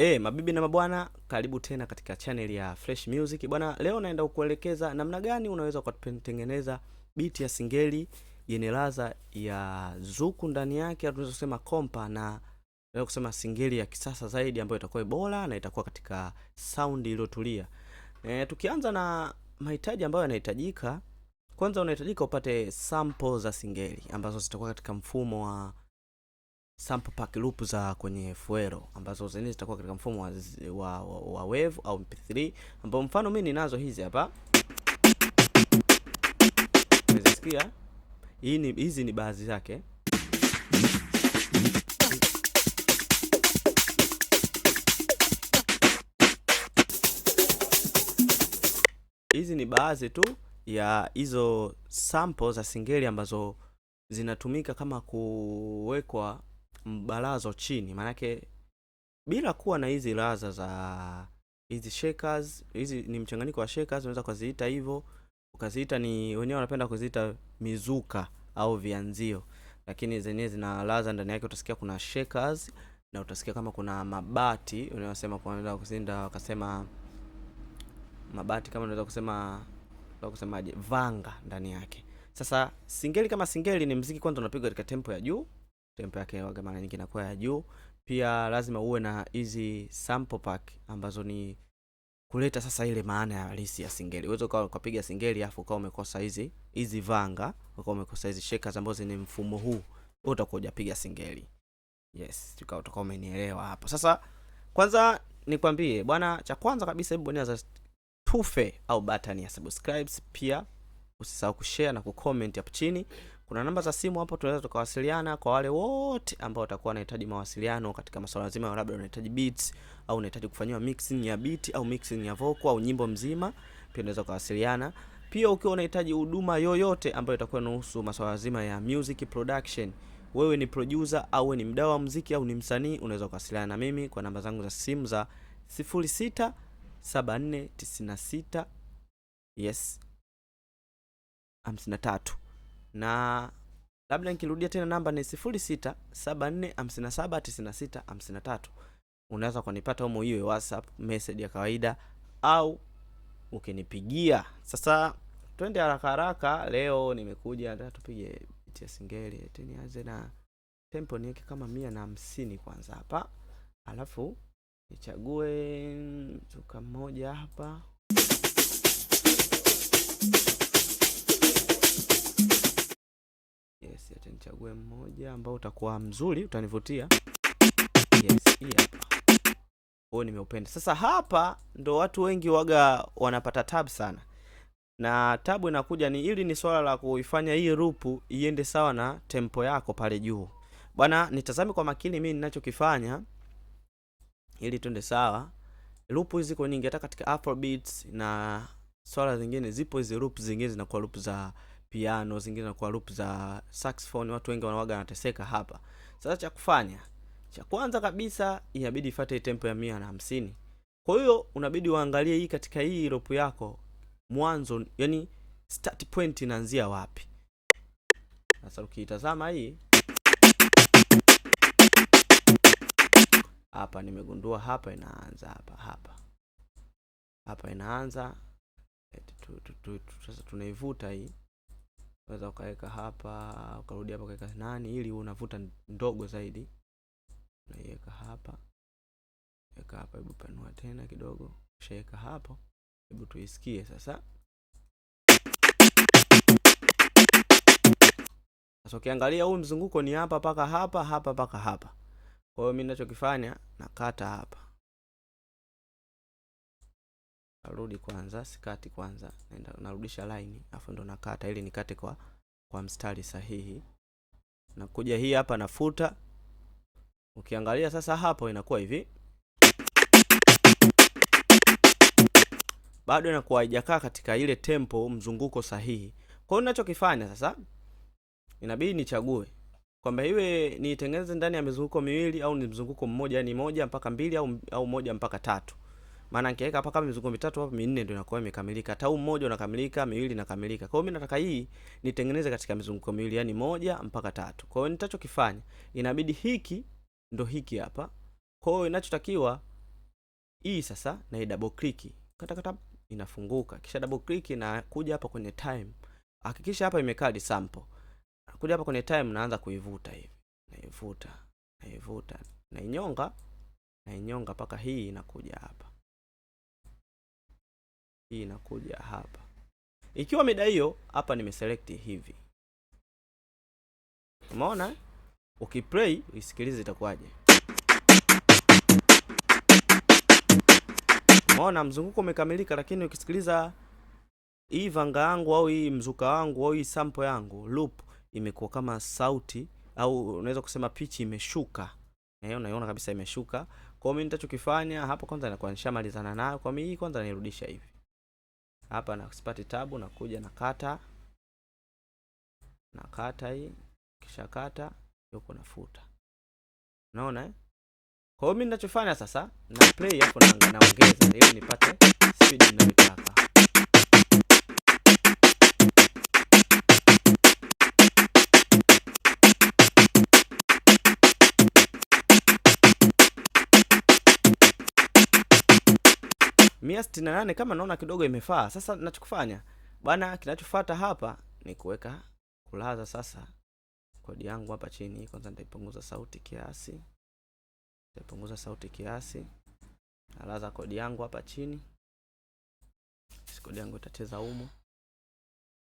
E, mabibi na mabwana, karibu tena katika channel ya Fresh Music. Bwana, leo naenda kukuelekeza namna gani unaweza kutengeneza beat ya singeli yenye ladha ya zuku ndani yake, au tunaweza kusema kompa, na naweza kusema singeli ya kisasa zaidi ambayo itakuwa bora na itakuwa katika sound iliyotulia. E, tukianza na mahitaji ambayo yanahitajika, kwanza unahitajika upate sample za singeli ambazo zitakuwa katika mfumo wa sample pack loop za kwenye Fuero ambazo zenyewe zitakuwa katika mfumo wa, wa, wa wave au MP3 ambao mfano mimi ninazo hizi hapa. unasikia Hii ni hizi ni baadhi zake. Hizi ni baadhi tu ya hizo sample za singeli ambazo zinatumika kama kuwekwa mbalazo chini, maanake bila kuwa na hizi raza za hizi shakers, hizi ni mchanganyiko wa shakers, unaweza ukaziita hivyo, ukaziita ni wenyewe wanapenda kuziita mizuka au vianzio, lakini zenyewe zina laza ndani yake. Utasikia kuna shakers na utasikia kama kuna mabati unayosema, kuenda kuzinda wakasema mabati, kama unaweza kusema unaweza kusemaje, vanga ndani yake. Sasa singeli kama singeli ni mziki kwanza unapigwa katika tempo ya juu tempo yake waga mara nyingi inakuwa ya juu. Pia lazima uwe na hizi sample pack ambazo ni kuleta sasa ile maana ya halisi ya singeli. Uwezo kwa kupiga singeli afu kwa umekosa hizi hizi vanga, kwa umekosa hizi shakers ambazo zenye mfumo huu, wewe utakuwa hujapiga singeli. Yes, tukawa utakuwa umenielewa hapo. Sasa kwanza nikwambie bwana, cha kwanza kabisa hebu bonyeza tufe au button ya subscribe, pia usisahau kushare na kucomment hapo chini. Kuna namba za simu hapo, tunaweza tukawasiliana kwa wale wote ambao watakuwa wanahitaji mawasiliano katika masuala mazima, ya labda unahitaji beats au unahitaji kufanyiwa mixing ya beat au mixing ya vocal au nyimbo mzima, pia unaweza kuwasiliana. Pia ukiwa unahitaji huduma yoyote ambayo itakuwa inahusu masuala mazima ya music production, wewe ni producer au ni mdau wa muziki au ni msanii, unaweza kuwasiliana na mimi kwa namba zangu za simu za 06 96 yes 53 na labda nikirudia tena namba ni sifuri sita saba nne hamsini saba tisini sita hamsini tatu. Unaweza kunipata humo, hiyo WhatsApp message ya kawaida au ukinipigia. Sasa twende haraka haraka, leo nimekuja hata tupige biti singeli, eti nianze na tempo niweke kama mia na hamsini kwanza hapa, alafu nichague mzuka mmoja hapa Yes, acha nichague mmoja ambao utakuwa mzuri, utanivutia. Yes, hapa. Oh, nimeupenda. Sasa hapa ndo watu wengi waga wanapata tabu sana. Na tabu inakuja ni ili ni swala la kuifanya hii rupu iende sawa na tempo yako pale juu. Bwana, nitazame kwa makini mimi ninachokifanya ili tuende sawa. Rupu hizi ziko nyingi hata katika Afrobeats na swala zingine zipo hizi rupu zingine zinakuwa rupu za piano, zingine zinakuwa loop za saxophone. Watu wengi wanawaga wanateseka hapa. Sasa cha kufanya cha kwanza kabisa inabidi ifuate tempo ya mia na hamsini. Kwa hiyo unabidi uangalie hii katika hii loop yako mwanzo, yani start point inaanzia wapi. Sasa ukiitazama hii hapa, nimegundua hapa inaanza hapa hapa hapa inaanza. Sasa tunaivuta hii unaweza ukaweka hapa ukarudi hapa ukaweka nani ili unavuta ndogo zaidi unaiweka hapa weka hapa hebu panua tena kidogo ushaweka hapo hebu tuisikie sasa sasa ukiangalia huu mzunguko ni hapa mpaka hapa hapa mpaka hapa kwa hiyo mi nachokifanya nakata hapa Narudi kwanza, sikati kwanza, naenda narudisha line, afu ndo nakata ili nikate kwa kwa mstari sahihi. Nakuja hii hapa nafuta. Ukiangalia sasa hapo inakuwa hivi. Bado inakuwa haijakaa katika ile tempo mzunguko sahihi. Kwa hiyo ninachokifanya sasa inabidi nichague kwamba iwe niitengeneze ndani ya mizunguko miwili au ni mzunguko mmoja, ni moja mpaka mbili au, au moja mpaka tatu. Maana nikiweka hapa kama mizungu mitatu hapa minne ndio inakuwa imekamilika. tau mmoja unakamilika, miwili inakamilika. Kwa hiyo mimi nataka hii nitengeneze katika mizunguko miwili, yani moja mpaka tatu. Kwa hiyo nitachokifanya inabidi hiki ndo hiki hapa. Kwa hiyo inachotakiwa hii sasa na hii double click. Kata kata inafunguka. Kisha double click na kuja hapa kwenye time. Hakikisha hapa imekaa di sample. Kuja hapa kwenye time naanza kuivuta hivi. Naivuta, naivuta. Nainyonga, nainyonga mpaka hii inakuja hapa hii inakuja hapa. Ikiwa mida hiyo hapa nimeselect hivi, umeona? Ukiplay uisikilize itakuwaje. Umeona, mzunguko umekamilika, lakini ukisikiliza hii vanga yangu au hii mzuka wangu au hii sampo yangu loop imekuwa kama sauti au unaweza kusema pichi imeshuka. Eh, unaiona kabisa imeshuka. kwao mi nitachokifanya hapo kwanza, nilikuwa nayo. Kwa mi hii kwanza nairudisha hivi hapa na sipati tabu, nakuja na kata na kata hii, kisha kata yuko nafuta, unaona eh? Kwa hiyo mimi ninachofanya sasa na play hapo, naongeza asilimia sti na nane kama naona kidogo imefaa. Sasa nachokufanya bwana, kinachofata hapa ni kuweka kulaza sasa kodi yangu hapa chini. Kwanza nitaipunguza sauti kiasi, nitaipunguza sauti kiasi, nalaza kodi yangu hapa chini, kodi yangu itacheza humo.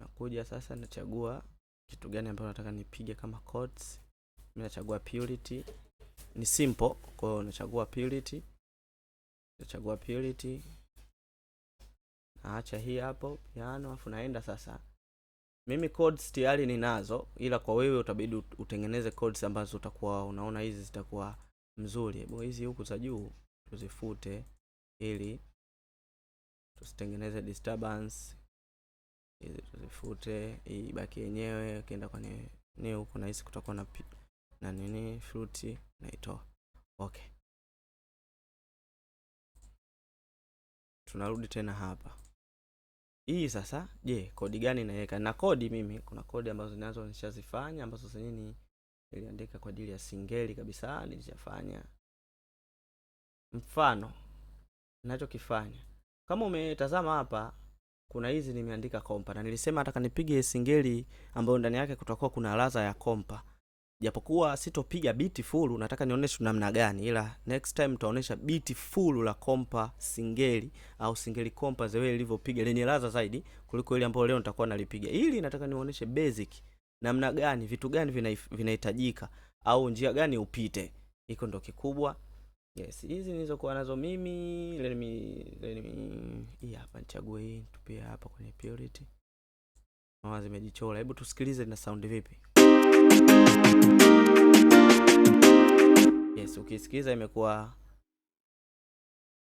Nakuja sasa, nachagua kitu gani ambayo nataka nipige kama codes. Mimi nachagua purity, ni simple, kwa hiyo nachagua purity, nachagua purity naacha hii hapo piano, afu naenda sasa. Mimi codes tayari ninazo, ila kwa wewe utabidi utengeneze codes ambazo utakuwa unaona hizi zitakuwa mzuri. Hebu hizi huku za juu tuzifute ili tusitengeneze disturbance. Hizi tuzifute, hii baki yenyewe. Ukienda kwenye ni huku na hizi kutakuwa na na nini fruit naitoa. Okay, tunarudi tena hapa hii sasa, je, kodi gani inaweka? Na kodi mimi kuna kodi ambazo nazo nishazifanya ambazo zenyewe ni niliandika kwa ajili ya singeli kabisa, nilishafanya. Mfano ninachokifanya kama umetazama hapa, kuna hizi nimeandika kompa, na nilisema nataka nipige singeli ambayo ndani yake kutakuwa kuna ladha ya kompa japokuwa sitopiga biti fulu, nataka nionyeshe namna gani, ila next time tutaonyesha biti fulu la kompa singeli au singeli kompa zewe lilivyopiga lenye ladha zaidi kuliko ile ambayo leo nitakuwa nalipiga. Ili nataka nionyeshe basic namna gani, vitu gani vinahitajika, vina au njia gani upite, iko ndo kikubwa. Yes, hizi nilizokuwa nazo mimi, let me let me hii hapa nichague hii, tupia hapa kwenye priority Mawazo zimejichora. Hebu tusikilize na sound vipi. Yes, ukisikiliza imekuwa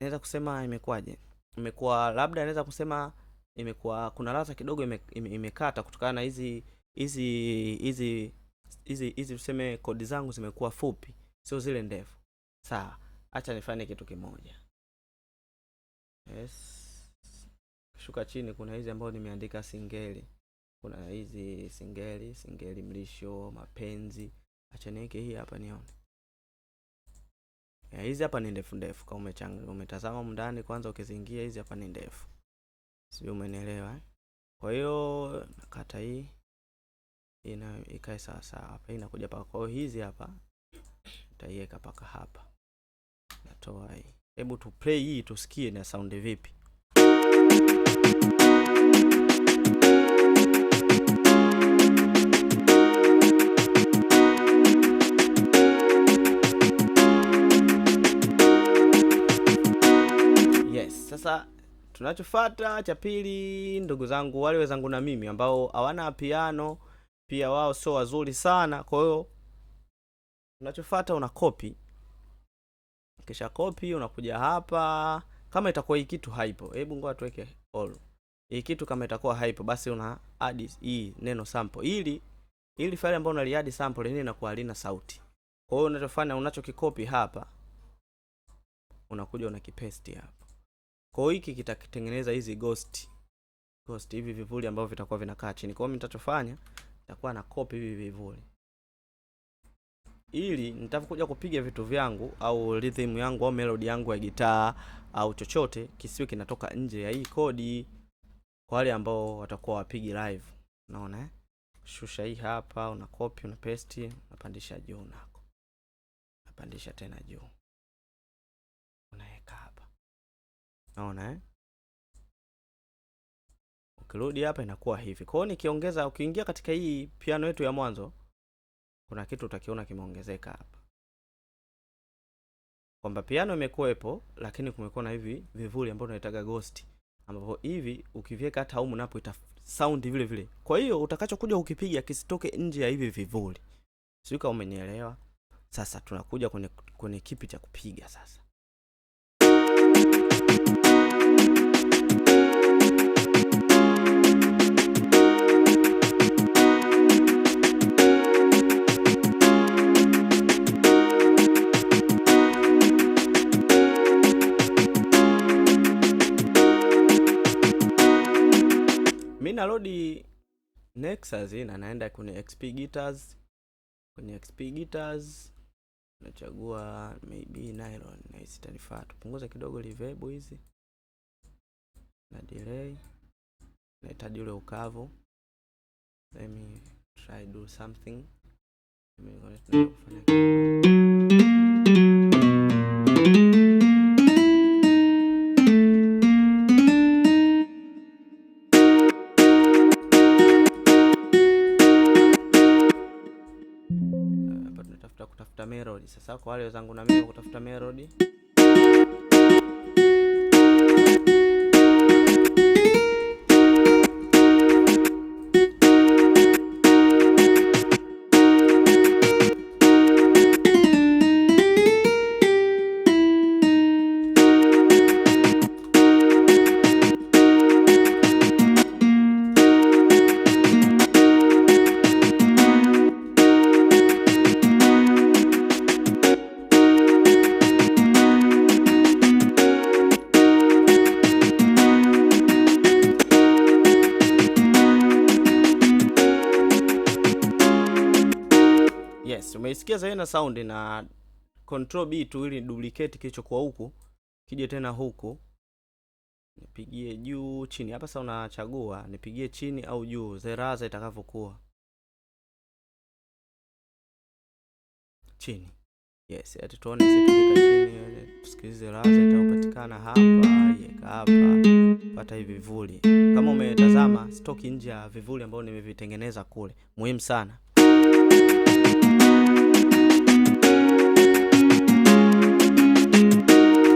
naweza kusema imekuwaje, imekuwa labda naweza kusema imekuwa kuna ladha kidogo ime, ime, imekata kutokana na hizi hizi hizi hizi hizi tuseme kodi zangu zimekuwa fupi, sio zile ndefu. Sawa, acha nifanye kitu kimoja. Yes, shuka chini kuna hizi ambayo nimeandika singeli kuna hizi singeli, singeli mlisho, mapenzi. Acha niweke hii hapa nione. Ya, eh, hizi hapa ni ndefu ndefu, kama umechanga umetazama mndani kwanza, ukizingia hizi hapa ni ndefu, sijui umenielewa eh? Kwa hiyo nakata hii ina ikae sawa sawa hapa, inakuja paka. Kwa hiyo hizi hapa nitaiweka paka hapa, natoa hii. Hebu tu play hii tusikie na sound vipi. tunachofuata cha pili, ndugu zangu, wale wenzangu na mimi ambao hawana piano pia wao sio wazuri sana. Kwa hiyo tunachofuata una copy, kisha copy unakuja hapa. Kama itakuwa hii kitu haipo, hebu ngoja tuweke all hii kitu. Kama itakuwa haipo, basi una add hii neno sample, ili ili faili ambayo unaliadi sample yenyewe inakuwa halina sauti. Kwa hiyo unachofanya unachokikopi hapa, unakuja unakipaste hapa kwa hiki kitakitengeneza hizi ghost ghost, hivi vivuli ambavyo vitakuwa vinakaa chini. Kwa hiyo nitachofanya nitakuwa na copy hivi vivuli ili nitakuja kupiga vitu vyangu au rhythm yangu au melody yangu ya gitaa au chochote kisiwe kinatoka nje ya hii kodi, kwa wale ambao watakuwa wapigi live. Unaona eh? Shusha hii hapa, una copy, una paste, unapandisha juu nako. Unapandisha tena juu. Naona eh? Ukirudi hapa inakuwa hivi. Kwa hiyo nikiongeza, ukiingia katika hii piano yetu ya mwanzo, kuna kitu utakiona kimeongezeka hapa, kwamba piano imekuwepo, lakini kumekuwa na hivi vivuli ambavyo tunaitaga ghost, ambapo hivi ukiviweka hata humu napo ita sound vile vile. Kwa hiyo utakachokuja ukipiga kisitoke nje ya hivi vivuli, sio kama umenielewa? Sasa tunakuja kwenye, kwenye kipi cha kupiga sasa na lodi Nexus eh, na naenda kwenye XP Guitars, kwenye XP Guitars nachagua maybe nylon, na hizi tanifaa. Tupunguza kidogo reverb hizi na delay, nahitaji ule ukavu. Let me try do something kufanya kutafuta melody. Sasa kwa wale wenzangu na mimi kutafuta melody ukisikiliza hiyo na sound na control B tu ili duplicate kilichokuwa huku kije tena huku, nipigie juu chini. Hapa sasa unachagua nipigie chini au juu, zeraza itakavyokuwa chini. Yes, ati tuone chini, tusikilize raha itapatikana hapa, yeka hapa, pata hivi vivuli. Kama umetazama stoki nje ya vivuli ambayo nimevitengeneza kule, muhimu sana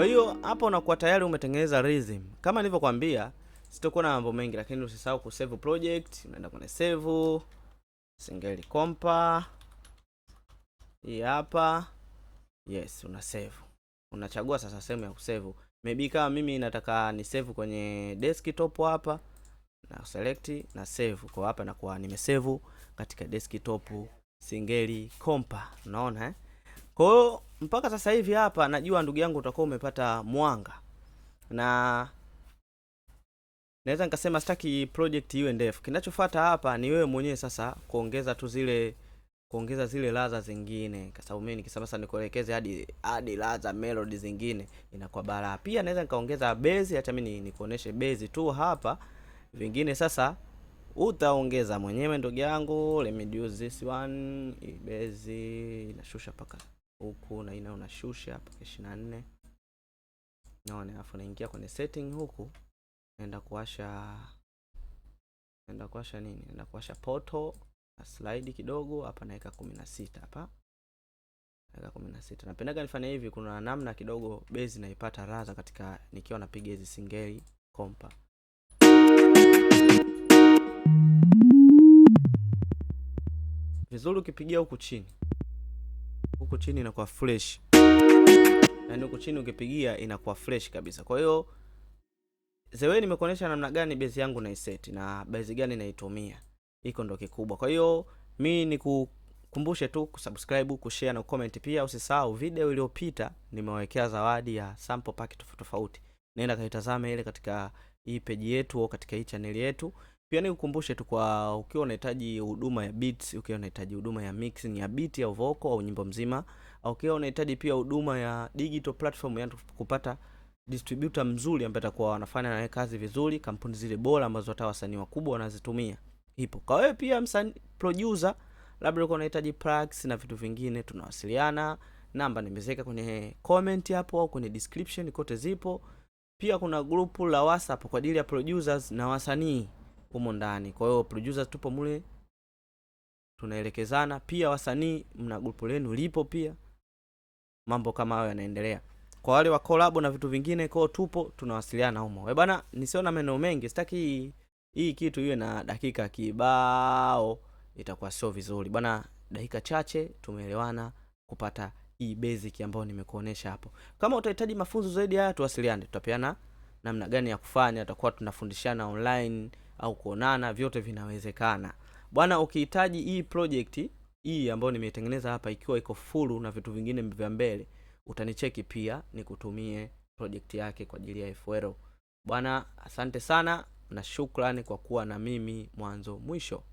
Kwa hiyo hapo unakuwa tayari umetengeneza rhythm. Kama nilivyokuambia, sitakuwa na mambo mengi, lakini usisahau ku save project. Unaenda kwenye save singeli kompa hii hapa, yes, una save. Unachagua sasa sehemu ya kusave, maybe kama mimi nataka ni save kwenye desktop hapa na select na save kwa hapa, na kwa nimesave katika desktop singeli kompa. Unaona eh? Kwa hiyo mpaka sasa hivi hapa najua ndugu yangu utakuwa umepata mwanga na naweza nikasema sitaki project iwe ndefu. Kinachofuata hapa ni wewe mwenyewe sasa kuongeza tu zile kuongeza zile ladha zingine, kwa sababu mimi nikisema sasa nikuelekeze hadi hadi ladha melody zingine inakuwa balaa. Pia naweza nikaongeza bezi, acha mimi nikuoneshe bezi tu hapa, vingine sasa utaongeza mwenyewe ndugu yangu. Let me do this one. Bezi inashusha paka huku naina unashusha mpaka ishirini na nne naona, alafu naingia kwenye setting huku, naenda kuwasha naenda kuwasha nini, naenda kuwasha poto na slide kidogo hapa, naweka kumi na sita hapa naweka kumi na sita. Napendaga nifanya hivi, kuna namna kidogo bezi naipata raha katika nikiwa napiga hizi singeli kompa vizuri, ukipigia huku chini huku chini inakuwa fresh, yaani huku chini ukipigia inakuwa fresh kabisa. Kwa hiyo zewe, nimekuonyesha namna gani base yangu naiseti na base gani naitumia, iko ndo kikubwa. Kwa hiyo mi nikukumbushe tu kusubscribe, kushare na comment. Pia usisahau video iliyopita nimewawekea zawadi ya sample pack tofauti tofauti, nenda kaitazame ile katika hii page yetu au katika hii chaneli yetu pia nikukumbushe tu kwa ukiwa unahitaji huduma ya beats, ukiwa unahitaji huduma ya mixing ya beat ya voko au nyimbo mzima, au ukiwa unahitaji pia huduma ya digital platform, yani kupata distributor mzuri ambaye atakuwa anafanya naye kazi vizuri, kampuni zile bora ambazo hata wasanii wakubwa wanazitumia. Ipo. Kwa wewe pia msanii producer, labda uko unahitaji plugs na vitu vingine, tunawasiliana. Namba nimezeka kwenye comment hapo au kwenye description kote zipo. Pia kuna grupu la WhatsApp kwa ajili ya producers na wasanii humo ndani. Kwa hiyo producers tupo mule tunaelekezana, pia wasanii mna grupu lenu lipo pia, mambo kama hayo yanaendelea. Kwa wale wa kolabo na vitu vingine, kwao tupo tunawasiliana humo. Eh bana, nisiona na maneno mengi, sitaki hii kitu iwe na dakika kibao, itakuwa sio vizuri bana. Dakika chache tumeelewana kupata hii basic ambayo nimekuonesha hapo. Kama utahitaji mafunzo zaidi haya, tuwasiliane, tutapeana namna gani ya kufanya, tutakuwa tunafundishana online au kuonana, vyote vinawezekana bwana. Ukihitaji hii project hii ambayo nimetengeneza hapa, ikiwa iko full na vitu vingine vya mbele, utanicheki pia nikutumie project yake kwa ajili ya FL bwana. Asante sana na shukrani kwa kuwa na mimi mwanzo mwisho.